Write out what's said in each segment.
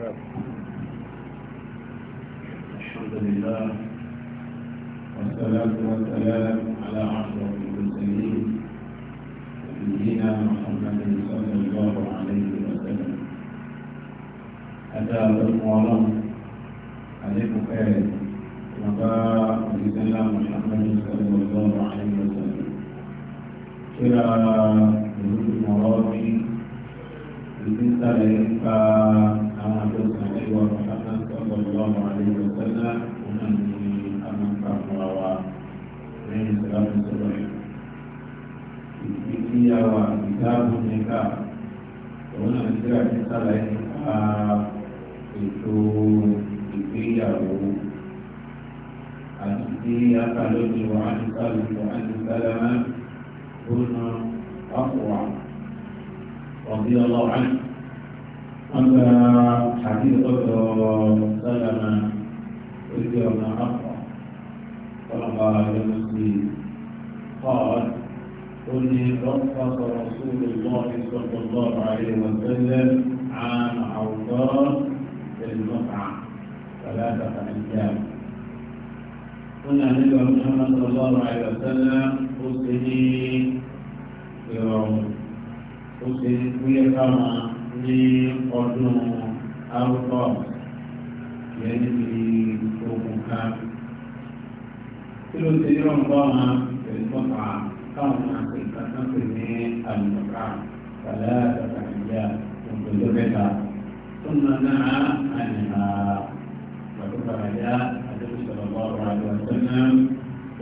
الحمد لله والصلاة والسلام على أشرف المرسلين نبينا محمد صلى الله عليه وسلم أتى بالمعلم عليك خير وقال رسول محمد صلى الله عليه وسلم إلى ظروف المرابي بالنسبة ìka òun náà ti rà ní sàlàyé nípa ètò ìgbéyàwó àti tí akálóni wà á ní sàlùkù wà á ní sàlámà gbóná àpòwà ọ̀bí ọlọ́wà wọn gba àbí ọ̀dọ̀ sàlámà orí ọ̀nà àpò ọlọ́wà lọ́wọ́ sí i. قال قل رخص رسول الله صلى الله عليه وسلم عام عوضاء المتعة ثلاثة أيام قلنا النبي محمد صلى الله عليه وسلم أصلي ìrọ̀rùn ó ṣe wíyẹ káwọn ní ọdún arúgbó yẹn níbi ogun ká kí ló káwọn máa pè kankan pè ní àlùkà kàlẹ́ àtàkà ìyá òǹdòdó mẹ́ta tó ń nàá àyìnbá pẹ̀lú kàlàyà àdébí sọ̀rọ̀ bá ọ̀rọ̀ àdúrà sẹ́nà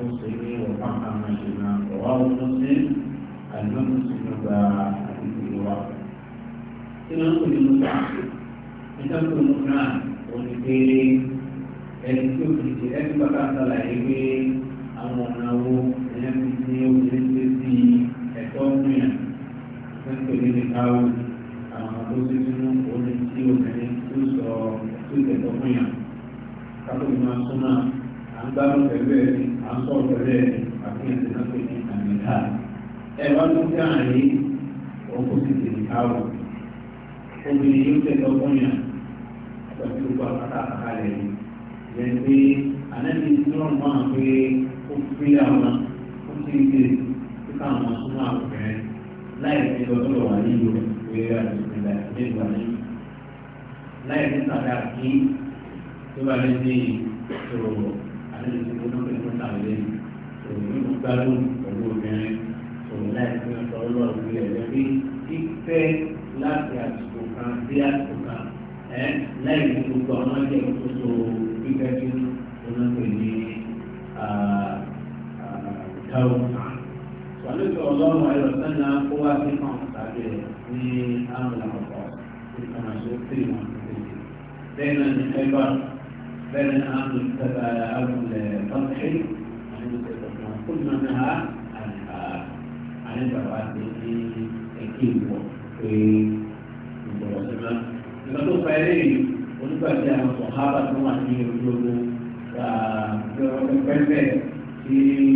ó sì ní ọ̀pá àmà ìṣẹ̀nà ọ̀wá ọ̀tún sí àlùmọ́tò sí gbogbo àdúgbò ìwà. kí àwọn ọ̀nà wo ẹ̀yẹ́ ti ṣe obìnrin ṣe sí ẹ̀tọ́ mìíràn pẹ́ńtò ní nìkáwó àwọn tó ṣe sínú omi tí obìnrin tó sọ tó tẹ̀tọ́ mìíràn kápò ìmọ̀ súnmọ́ à ń gbádùn pẹ̀lú ẹ̀ à ń sọ̀rọ̀ pẹ̀lú ẹ̀ àfihàn ti náà pé ní àmì ká ẹ̀ wá ló fẹ́ àárín òkú sì ti nìkáwó obìnrin yóò tẹ̀tọ́ mìíràn pẹ̀lú gbogbo àkàtà àkàlẹ̀ yìí yẹn pé àná ó fi àwọn ó ti gbé kíkà àwọn súnmọ́ àwòrán láì fi lọ́dọ̀ wà nílò ìwé àdìsílẹ̀ nígbà yìí láì fi tàbí àkí tó bá lè dé ìṣòro àdìsí tó náà pẹ̀lú tàbí ìṣòro nínú gbádùn pẹ̀lú obìnrin ìṣòro láì fi ọ̀tọ̀ ọlọ́run ilé ẹ̀jẹ̀ bí fífẹ́ láti àsìkò kan sí àsìkò kan láì fi gbogbo àwọn أو والنبي صلى الله عليه وسلم هو في قوم التعبير من عام في كما في بين الخيبر بين عام أو الفتح كل ما نهى عن البراءة في الكيمو في المنطقة لكن هناك ونبقى الصحابة كما في وجوده فبيعوا في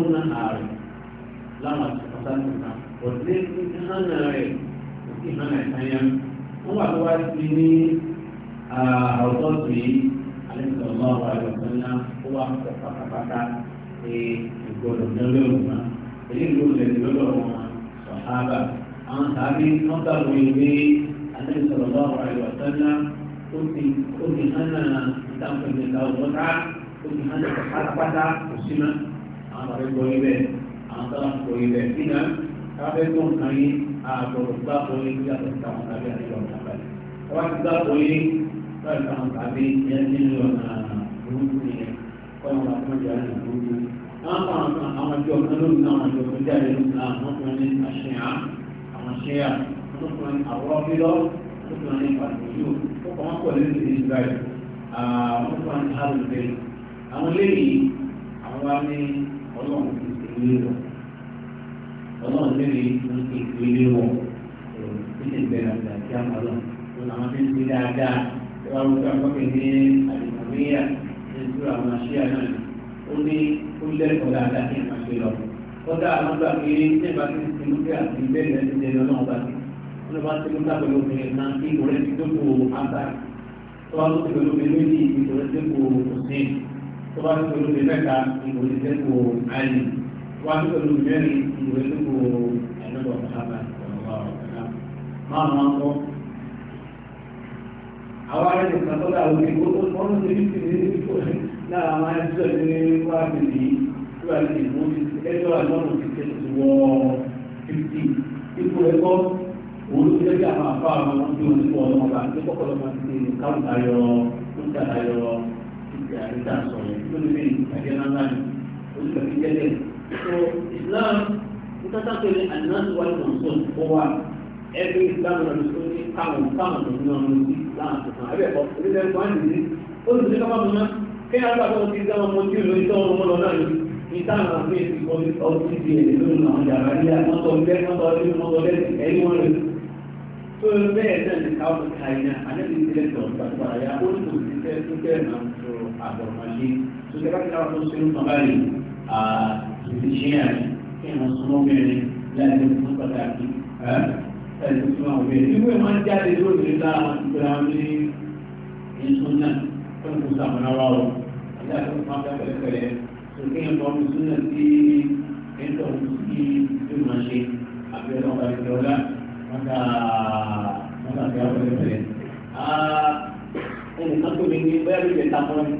súnà ààrẹ láwọn àtúntà nìkan òtí ìhànà rẹ̀ òtí ìhànà ìtayà wọn wà lọ́wọ́ sí ní àwùjọ sí alẹ́sọ̀rọ̀ àwọn àlùfáà ńlá ó wà pọ̀ pátápátá ní ìgbọ́dọ̀ lọ́lẹ́ òmùmá èyí ló lẹ̀ lọ́dọ̀ wọn sọ̀hábà àwọn tàbí wọn gbàgbọ́ ìwé alẹ́sọ̀rọ̀ àwọn àlùfáà ńlá ó ti ó ti hànà ìtàkùn ìtàkùn ọ̀tá ó ti hànà pátápátá kò sí náà àwọn tó fẹ́ gbọ́ yín bẹ́ẹ̀ àwọn tó ń gbọ́ yín bẹ́ẹ̀ nínú káfẹ́ gbọ́ nǹkan yín àgbọ̀dọ̀ gbà gbọ́ yín bí yàtọ̀ sí àwọn tàbí àti ìwọ̀n tàbí. ọba ti gbà gbọ́ yín láti àwọn tàbí yẹn nínú ọ̀nà burúkú yẹn kọ́ àwọn àtúnjẹ àti burúkú. àwọn àjọ kan lónìí àwọn àjọ kan jáde lónìí àwọn kan ní àṣeyà àwọn àṣeyà àwọn kan ní àwọ̀ bílọ̀ àwọn kan ní pàtó ọkọ̀ wọn pọ̀ lẹ́nu ìdí ìgbà yìí àwọn kan ní àrùn bẹ́ẹ̀ àwọn lẹ́yìn àwọn wa ní ọlọ́run ti fi lé wọn ọlọ́run lẹ́rìí ní ìfi lé wọn ó sì bẹ̀rẹ̀ àgbà tí a máa lọ wọn làwọn ti ń fi dáadáa tí wọn wọ́n fẹ́ kọ́kẹ́ ní àdìmọ̀lẹ́yà ní ìtura àwọn aṣíà náà ó ní ó lẹ́kọ̀ọ́ dáadáa kí n máa ṣe lọ kọ́dà àwọn gbà pé nígbà tí ìlú bí àti tó bá tó lórí mi mẹ́ta ìbò ní sẹ́kù àlè tó bá tó lórí mi mẹ́rin ìbò ní sẹ́kù ẹ̀dọ́gbọ̀n mọ́hámà ọ̀rọ̀ ọ̀rọ̀ máa máa ń kọ́. àwọn ará ìjọba tó dà wọlé gbogbo ọdún tó ní tìǹbù ní ìfọ̀ náà máa ń sọ ní wákìlì tó bá ti mú ẹjọ́ àlọ́run ti tẹ̀ tó wọ fifty ipò ẹ̀kọ́ òun ló jẹ́ àwọn àfa àwọn ọmọdé òun ọmọ ìyàrá sọ̀rọ̀ lórí ìpàdé náà ní oṣù kẹfì so Islam nítorí pé àdínáàtì wà lóun sọ ó wà ẹbí Islam náà ló ní káwọn káwọn tó ní ọmọ sí Islam tó kàn ẹbí ẹ̀kọ́ onílẹ̀ ẹ̀kọ́ àti ìdí ó sì ní ká bàbá náà kí ni àgbà tó ti dá ọmọ tí ìlú ìtọ́ ọmọ lọ náà ní ìta àwọn àmì ìfikọ́ ọtí di èdè lórí àwọn jàrá ní àtọ́tọ́ ilé mọ́tọ́ ilé mọ́tọ́ lẹ́sìn ẹ̀yìn wọn lè tó bẹ́ẹ̀ náà ní káwọn kàìyàn àlẹ́ àbọ̀mọ́lé tó ṣe láti dáwọ́ tó ṣe ń pọ̀ báyìí ìṣiṣẹ́ àti kí ẹ̀ máa súnmọ́ mẹ́rin láti ẹni tó pàtàkì ẹ̀ tó súnmọ́ àwọn mẹ́rin. ìwé máa ń jáde lónìí lára wọn ti gbéra wọn ní ẹ̀sùn náà tó ń kó sàmúlá wa o àti àti wọn máa fẹ́ pẹ̀lẹ́ tó kí ẹ̀ bọ́ mi súnmọ́ sí ẹ̀ńtọ́ sí tó máa ṣe àbẹ̀rẹ̀ ọ̀gá ìjọba wọn kà wọn kà mi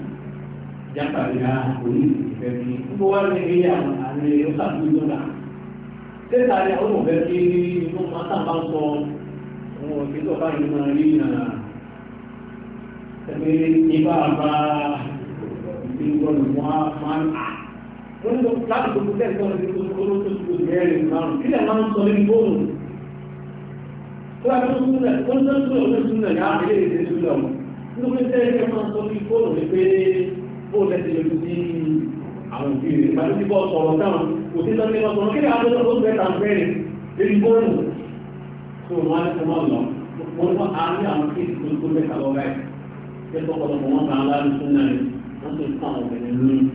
jákàlá òní ìfẹ́ bí gbogbo wa ní ilé àwọn àmì ẹ̀yọ́ sàbí lọ́la tẹ́tà ni àwọn òfẹ́ bí inú mọ́tà bá ń sọ òun ò sí yìí máa rí ìrànà ẹgbẹ́ nígbà bá ìgbọ̀nù wọn máa ń à wọ́n ní láti gbogbo tẹ́tà ní gbogbo tó ti gbogbo mẹ́rin márùn kílẹ̀ máa ń sọ ní bóòlù tó tó ń tẹ́tù ọ̀rẹ́ súnlẹ̀ ń sọ bó lẹ́sẹ̀ yọjú sí àwọn òbí rẹ̀ ìbájú tí bọ́ sọ̀rọ̀ táwọn kò sí sọ́dún nípa sọ̀rọ̀ kí ni àwọn tó ń bẹ́ẹ̀ tàn bẹ́ẹ̀ lórí bóòlù tó wọn á lẹ́sẹ̀ wọn lọ wọn wọ́n á ní àwọn kéèkì tó tó bẹ́ẹ̀ kàlọ́ báyìí bẹ́ẹ̀ tọ́pọ̀lọpọ̀ wọn kà á lárú fún náà wọ́n tó ń fún àwọn obìnrin lóyún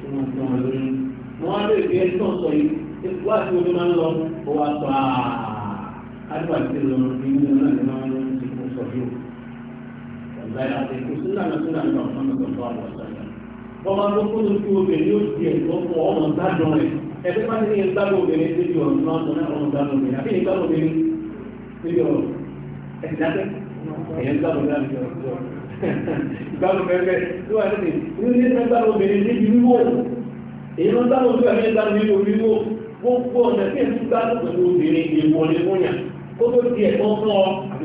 tí wọ́n fún wọn lóyún wọn á lè fi ẹni tó ń sọ yìí wá sí omi máa ń lọ ó wá ìgbàlá àti ìkùsùnà lọ́sùnà ní ọ̀sán lọ́sọ̀tọ̀ àwọn ọ̀sán. ọmọ tó kó ló fi obìnrin yóò di ẹ̀kọ́ fún ọmọ gbádùn rẹ̀ ẹgbẹ́ máa ń ní gbádùn obìnrin tó di ọ̀sán lọ́sọ̀tọ̀ náà ọmọ gbádùn obìnrin àbí ìgbádùn obìnrin tó di ọ̀sán ẹ̀dáfẹ́ ẹ̀yẹn gbádùn obìnrin gbádùn bẹ́ẹ̀ tó wà ní ní gbádùn obìnrin níbi wíwò èyí ló gbádùn obìnrin ní gbádùn níbi wíwò gbogbo ọ̀nà tí èyí gbádùn pẹ̀lú obìnrin ìwọlé fún yà kó tó di ẹ̀kọ́ fún ọ àti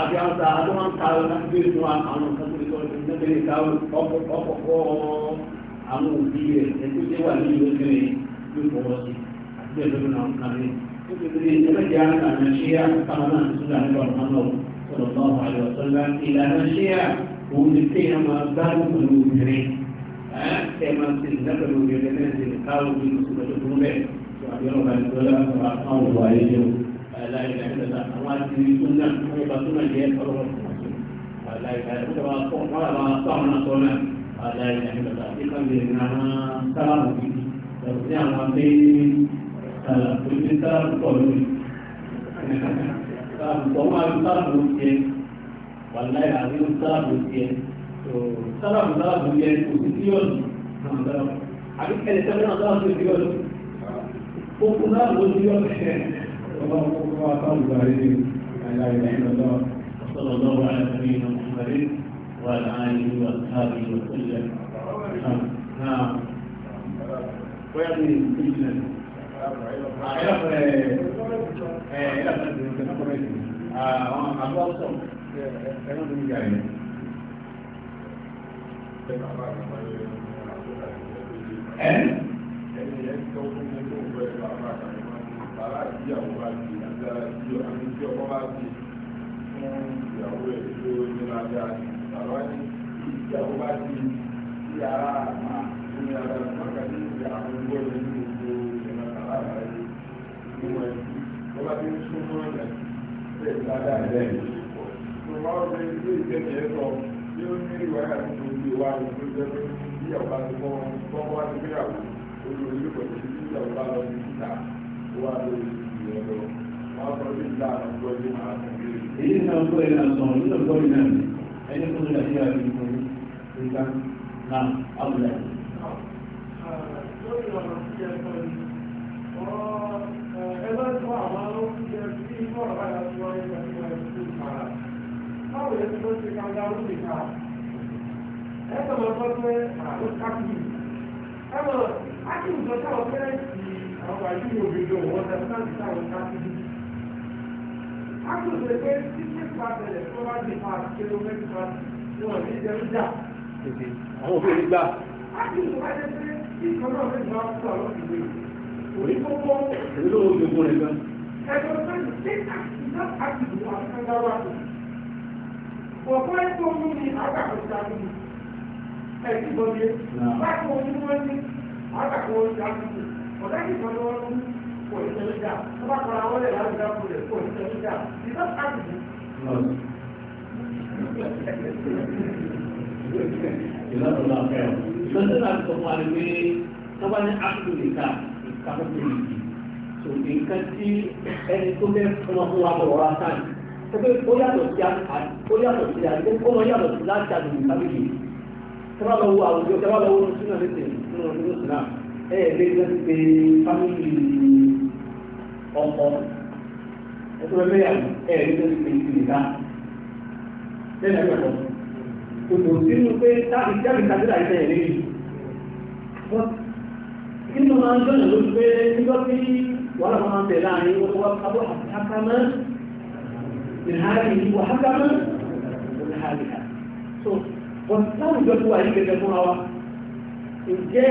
àti àwọn tá a tó máa ń ka àwọn láti béèrè fún àwọn nǹkan tó lè sọ ọdún tó lè ka ọkọ̀ọ̀kọ̀ àwọn òbí rẹ̀ ẹ̀kú tí wà ní ìlú kiri yóò fọwọ́ sí àti bẹ́ẹ̀ lọ́dún náà kan ní. ó ti tẹ̀lé ẹlẹ́jẹ̀ àgbàna ṣíyà káwọn náà ti súnà nípa ọ̀nà náà sọ̀rọ̀ náà wà lọ sọ́lá ìlànà ṣíyà òun ti tẹ̀ ẹ máa gbádùn pẹ̀lú obìnrin ẹ máa ti ìlànà pẹ̀lú obìnrin ẹ̀ ti káwọn obìnrin tó ti lọ́dún tó ń bẹ̀ wọn ti rí tó náà wọn yóò bá tó náà yẹ ọlọ́wọ́ aláìláì ló bá kọ́ wọn bá tó àwọn náà tọ́ náà aláìláì ló bá tó kàn lè nà sálámù yìí lọ́wọ́ sí àwọn abẹ́ sàlàkó ní sálámù pọ̀ lórí sálámù pọ̀ wọn á lọ sálámù tiẹ̀ wàláì àbí sálámù tiẹ̀ sálámù sálámù tiẹ̀ kò sí síyọ̀nù àbí kẹ́lẹ́ sálámù sálámù tiẹ̀ síyọ̀nù ó kú sálámù síyọ̀nù اللهم صل وسلم وبارك على نبينا الله وصلى الله على نبينا محمد وعلى اله واصحابه وسلم نعم ويعني بجنة Eh? bàbá ìyàwó bá ti àgbà ìjọ àti tí ọkọ bá ti fún ìyàwó ẹ̀ tó nira dáa ni bàbá ní ìyàwó bá ti sí ara àmà tó ní ara mọ́kà ní ìyá àwọn gbọ́dọ̀ ní gbogbo ìrìnà bàbá rẹ̀ ní wọ́n ẹ̀ tó bá ti ń súnmọ́ ẹ̀ bẹ́ẹ̀ bá dáa ẹ̀ tó bá wọ́n ṣe ilé ìjẹ́ni ẹ̀ sọ bí ó ní ìwà ẹ̀ àti gbogbo ìwà rẹ̀ tó jẹ́ pé ìyàwó bá ti fọ́ wà èyí náà ń gbọ́ ìlà sọ̀rọ̀ nínú ìgbọ́ ìlà mi ẹni tó ń lè ṣe àbí ìgbọ́ ìgbà náà àbúlá. lórí ọ̀nà tí ẹ sọ yìí ẹgbẹ́ tí wọ́n àwọn ẹ̀ sí inú ọ̀rọ̀ báyà tí wọ́n yẹ báwo yẹ kí wọ́n ti kàrà lórí kàrà ẹ̀ sọ̀rọ̀ sọ pé àwọn káàkiri ẹ̀ á kì í sọ ọkọ̀ àjúwò òbìnrin òwò ọ̀sẹ̀ fún àti táwọn káàkiri. a kò sọ pé títí pàtẹ́lẹ̀ tó bá di pa kéré mẹ́ta tí wọ́n ní ìjẹun jà. àwọn òbí mi gbà. a kì í sọ wáyé pé ìkan náà fẹ́ gba ọkọ̀ àwọn ìwé òní kókó. èyí ló ń gbogbo rẹ̀ gan. ẹ̀sọ́ pé ṣé àtijọ́ àtijọ́ àtàgbáwá ọ̀pọ̀ ẹ̀kọ́ mú ni àgbàkọ̀ta mú ẹ̀sìn bọ́lé bákan onímọ̀ ní ọ̀dà ìjọ ló ń kò ní tẹ̀lé dà tó bá kọ́ra wọlé láti dá kulẹ̀ kò ní tẹ̀lé dà ìjọ sáàtì ní. ìlànà ọ̀la ọ̀fẹ́ ọ̀ ìlànà ọ̀la ọ̀fẹ́ ọ̀fẹ́ ọ̀fẹ́ pé tó ní áṣù nìka ìkàkókò yìí tò nǹkan tí ẹni tó bẹ́ fún bọ̀ wá sáà pé ó yàtọ̀ sí ó yàtọ̀ sí àti ó lọ yàtọ̀ sí láti àdùnnú kábíyì tẹ́wọ́ lọ wo àwùjọ tẹ́wọ́ lọ wo sínú ẹ̀sìn nínú ọdún ẹ̀ẹ́dẹ́gbẹ́ pé fámìlì ọkọ ẹ̀tọ́ ẹlẹ́yàwó ẹ̀ẹ́dẹ́gbẹ́ pé ìgbìlá lẹ́nu ẹ̀kọ́ kòtò sínú pé táàbí jáde kàdúrà ìfẹ́ ẹ̀rí kí ló máa ń gbọ́nà ló pé nígbà tí wàhálà máa ń bẹ̀ láàrin owó wa kábọ̀ àkàmọ́ ìhárì ìwà àkàmọ́ ìhárì ká so wọ́n táwọn ìjọ tó wà yìí gẹ́gẹ́ fún wa ǹjẹ́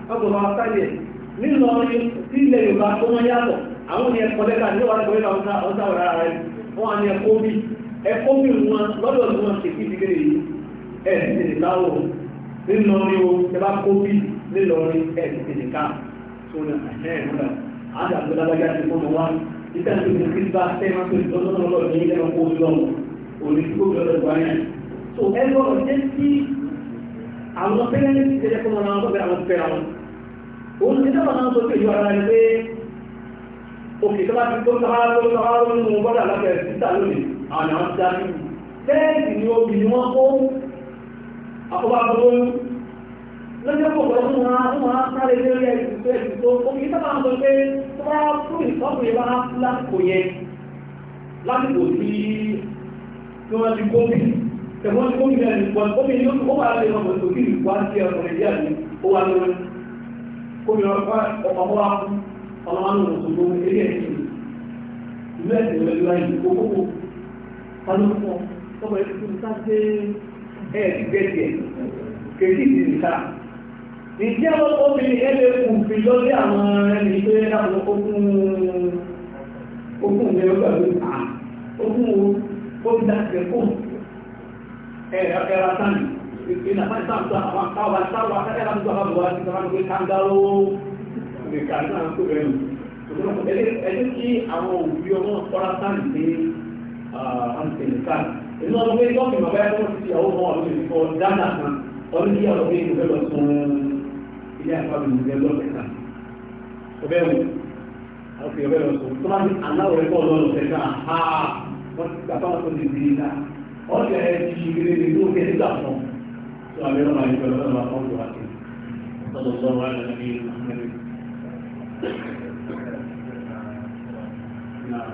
ọgbọ̀n máa sáyẹ̀ nínú ọrin sí ilẹ̀ Yorùbá tó wọ́n yàtọ̀ àwọn ni ẹ̀kọ́ lẹ́ka ní wà lẹ́kọ̀ọ́ lẹ́ka ọ̀sá ọ̀rá ara rẹ̀ wọ́n á ní ẹ̀kọ́ bí ẹ̀kọ́ bí wọn lọ́dọ̀ ní wọn ṣèkí ti kéré yìí ẹ̀ ti tètè ká o nínú ọrin o ẹ bá kó bí nínú ọrin ẹ̀ ti tètè ká tó ní ẹ̀hẹ́ ìmúlẹ̀ àti àgbẹ̀lágbájá ti fún wa nígbà tó ti kí bá tẹ́ máa tó lọ́dọ̀ lọ́dọ̀ ní ẹ̀kọ́ ojú ọ̀hún òní kó lọ́dọ̀ gbáyà so ẹ gbọ́dọ̀ jẹ́ sí àwọn pẹ́lẹ́ òun ti dábàá náà sókè yọ ara rẹ̀ pé òkè tó bá ti tó sára tó sára ló mú bọ́dà lọ́kẹ̀ títà lónìí àwọn àwọn ti dájú tẹ́ẹ̀sì ni obì ni wọ́n kó àkọ́bá gbogbo lọ́jọ́ pọ̀pọ̀ fún wa fún wa sáré lórí ẹ̀sìn tó ẹ̀sìn tó òkè tó bá ń sọ pé tó bá fún ìtọ́kùn yẹn bá lásìkò yẹn lásìkò tí wọ́n ti gómi tẹ̀wọ́n ti gómi náà nìkan gómi ni ó wà lẹ́yìn ọmọ ìtòkì ìgbà tí ọkùnrin díà ní ó wà lórí kó mi ọkọ ọkọ wa fún ọlọ́wọ́n ní òṣùwọ̀n eré ẹ̀sìn ìlú ẹ̀sìn ìlú ẹ̀sìn kókókó pálọ́pọ̀ tọ́wọ́ ẹ̀sìn tó ń sá dé ẹ̀ẹ́dì gẹ̀ẹ́dì ẹ̀ kèsì ti nìta ìjẹ́ ọkọ̀ mi ẹ̀lẹ́ kù fi lọ́lé àwọn ẹni pé àwọn okùn okùn mi ọgbà mi ta okùn o ó ti dá ẹ̀kọ́ ẹ̀ẹ́dì ina ba ta ta ba ta ba ta ba ta ka ba ba ti ka ko kan da o ni kan na ko be ni ko ah an te ni kan inú àwọn be ko ma ba ko ti àwọn mo àwọn ni ko da na kan o ni ya o be ko be apa ni be lo be kan o ọ̀sẹ̀ ẹ̀ ti ṣe ìrèlè ló fún un. وأمير الله يقول لنا قول واحد صلى الله على نبينا محمد نعم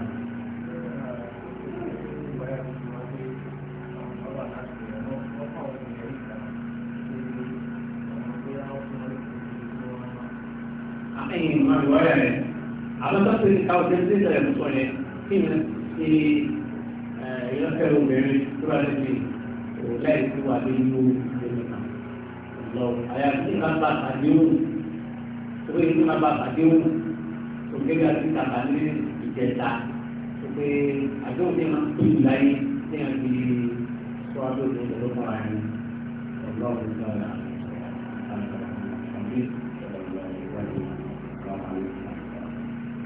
أي ما رواية على بس أو تنزل يا مسؤولين كيف في يذكروا بين كل هذه ولا يسوى بينه lọ àyàfi tí máa bá àdéhùn tó yẹ kí máa bá àdéhùn tó kéde àti kàkà ní ìjẹta tó pé àdéhùn tí máa tó ìlú láyé tí wọ́n fi sọ àdéhùn tó lọ fún ara yẹn ọ̀gbọ́n ọ̀gbọ́n ìgbà wà. Thank you.